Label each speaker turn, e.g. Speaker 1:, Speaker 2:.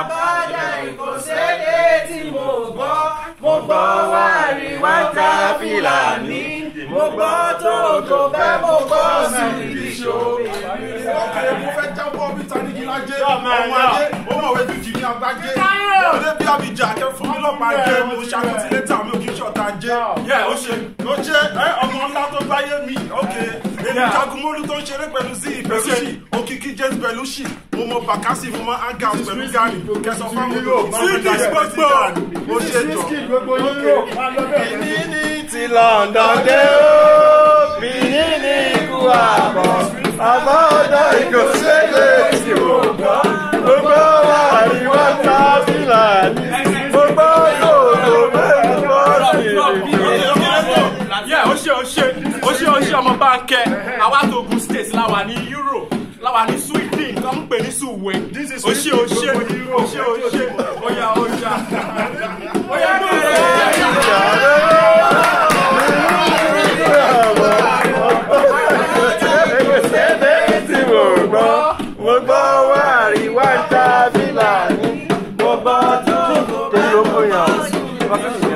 Speaker 1: àbájá ìkọ̀sẹ́lẹ̀ tí mo gbọ́ mo gbọ́ wárí wá ta fìlàní
Speaker 2: mo gbọ́ tó tó fẹ́ mo gbọ́ sí
Speaker 1: ìdíṣó. ọkùnrin mo fẹ́ jábọ́ mi tanigi lájẹ́ ọmọ ajé ó mọ̀wé jùjì ní agbájé ọdẹ bí abijá akẹ́fọ́ ọlọ́pàá jẹ́ mo ṣàkóso létà mi ò kí n ṣọ̀tà jẹ́ ó ṣe ó ṣe ọmọ ńlá tó jagunmọ́lú tó ń ṣeré pẹ̀lú sí ìpẹ́lúṣì òkìkí james pẹ̀lúṣì mo mọ bàkásì mo mọ aga pẹ̀lú gari kẹsọ fáwọn sídìs gbogbo ó ṣe jọ. bìní ní ti London dé o bìní ní ikú àbọ̀ àbọ̀ ọ̀dọ́ ìkọ̀sẹ́lẹ̀ ti wò gbọ́ gbogbo wa ìwà tábìlà ní gbogbo yóò tó bẹ́ẹ̀ bọ́ sí i. ó ṣe Bánjí ọmọ Bánkẹ́ àwa tó Ogun state láwa ní Europe láwa ní Sweden tó ń pè ní Suwe òṣè òṣè òṣè òṣè oya oya oya oya oya gbọ́ wárí wá ń ta fìlà ní mo gbọ́ tó tó lóko yàn.